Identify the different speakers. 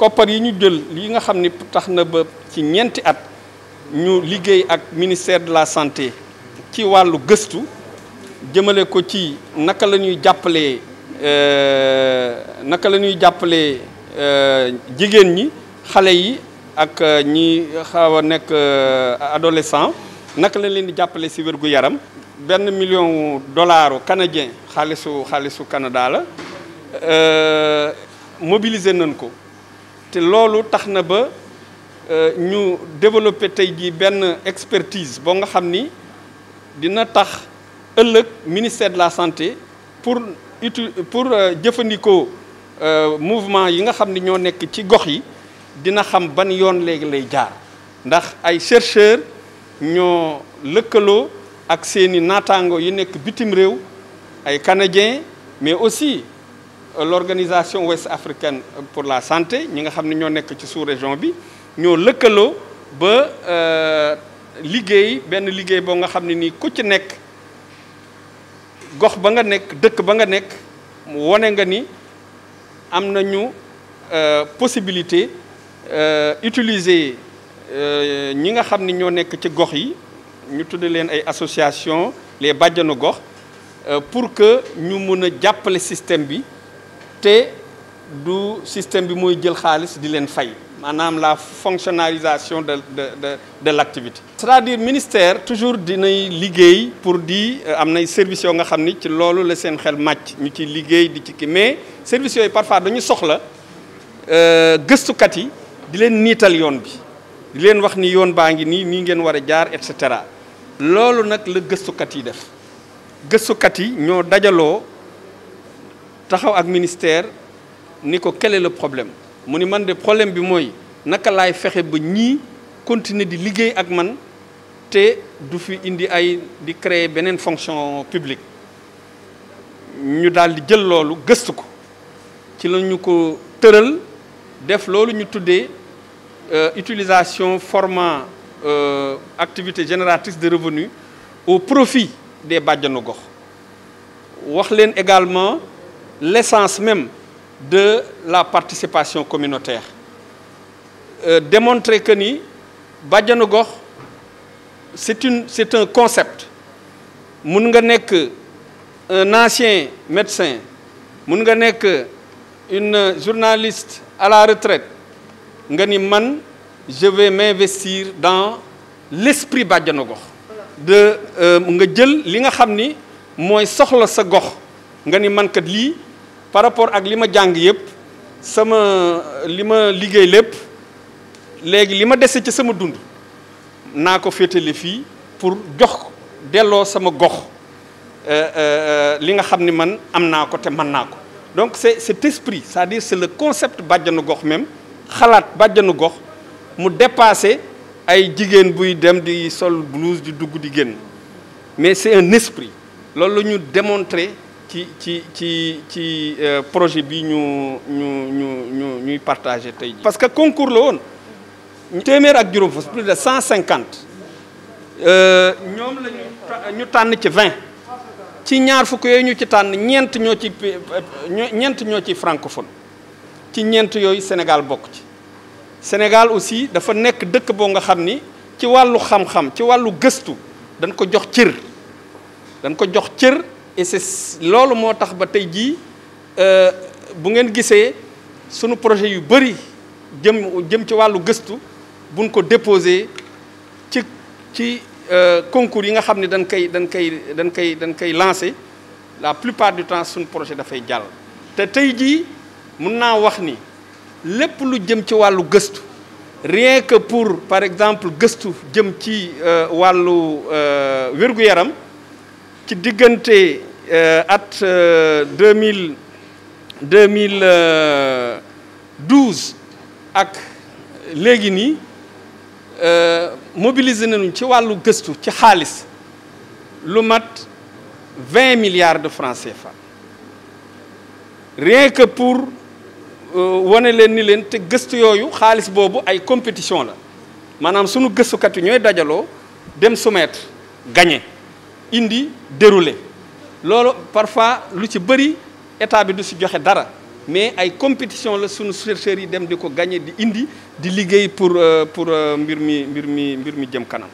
Speaker 1: koppar yi ñu jël li nga xamni ni tax na ba ci ñeenti at ñu liggéey ak ministère de la santé ci walu gëstu jëmele ko ci naka lañuy jappalé euh naka lañuy jappalé euh jigen ñi xalé yi ak euh, ñi xawa nek euh, adolescent naka lañ leen di jappalé ci wërgu yaram benn million dollars canadiens xalisu xalisu Canada la euh mobiliser nañ ko te loolu tax na ba euh, ñu développer tay ji ben expertise bo nga xamni dina tax ëllëg ministère de la santé pour pour euh, jëfëndiko euh mouvement yi nga xamni ño ñoo nekk ci gox yi dina xam ban yoon légui lay jaar ndax ay chercheurs ño lekkelo ak seeni natango yi nekk bitim rew ay canadiens mais aussi l'organisation ouest africaine pour la santé ñi nga xam ne ñoo nekk ci sous-région bi ñoo lekkelo ba euh, liguey ben liguey bo nga xamni ni nii ku ci nek gox ba nga nek dëkk ba nga nek woné nga ni am euh possibilité euh, utiliser euh, ñi nga xamni ni ñoo nekk ci gox yi ñu tudde len ay association les bàjjanu gox pour que ñu mëna jappalé système bi te du système bi mooy jël xaalis di fay la fonctionnalisation de de de de l'activité. c'est-à-dire ministère toujours dinay liggéey pour di euh, am nay services yoo nga xam ni ci loolu la seen xel màcc ñu ci liggéey di ci mais services yooyu parfois dañu soxla euh, gëstukat yi di len niital yoon bi di len wax ni yoon baangi ni ni ngeen wara jaar et cetera loolu nak le gëstukat yi def gëstukat yi ñoo taxaw ak ministère niko quel est le problème mu man de problème bi moy naka lay fexé ba ñi continuer di liggéey ak man té du fi indi ay di créer benen fonction publique ñu dal di jël lolu geustu ko ci la ñu ko tëral def lolu ñu tuddee euh, utilisation format euh, activité génératrice de revenus au profit des badjanu gox wax leen également l'essence même de la participation communautaire euh, démontrer que ni c'est un concept mun un ancien médecin une journaliste à la retraite je vais m'investir dans l'esprit Badjanogor de euh, nga par rapport ak li ma jàng yëpp sama li ma liggéey lépp léegi li ma dese ci sama dund naa ko féetale pour jox delloo sama gox euh, euh, euh, li nga xam man am naa te donc c'est cet esprit c'est-à-dire c'est le concept bàjjanu gox même xalaat bàjjanu gox mu dépasser. ay jigéen buy dem di sol blouse di dugg di mais c'est un esprit loolu la ñu démontrer ci ci ci ci euh, projet bi ñu ñu ñu ñu ñuy partagé tey ji parce que concours la woon téeméer ak juróom fukk plus de 150 euh ñom lañu ñu tànn ci 20 ci ñaar fuk yoy ñu ci tànn ñent ñoo ci ñent ñoo ci francophone ci ñent yoy Sénégal bok ci Sénégal aussi dafa nekk dëkk bo nga xamni ci walu xam-xam ci walu gëstu dañ ko jox cër dañ ko jox cër et c'est loolu moo tax ba tey jii euh, bu ngeen gisee sunu projet yu bëri jëm jëm ci walu gëstu buñ ko déposer ci ci euh, concours yi nga xamni dañ kay dañ kay dañ kay dañ kay lancer la plupart du temps suñu projet dafay jàll te tey jii mun naa wax ni lepp lu jëm ci walu gëstu rien que pour par exemple gëstu jëm ci walu euh wergu euh, yaram ci digënté euh, at 2000 euh, 2012 euh, ak légui ni euh mobiliser nañu ci walu gëstu ci xaaliss lu mat 20 milliards de francs CFA rien que pour euh, woné len ni len té gëstu yoyu xaaliss bobu ay compétition la manam suñu gëstu kat ñoy dajalo dem soumettre gagner indi déroulé lolo parfois lu ci bëri état bi du ci joxe dara mais ay compétition la sunu chercheurs yi dem diko gagner di indi di liggéey pour euh, pour euh, mbir mi mbir mi kanam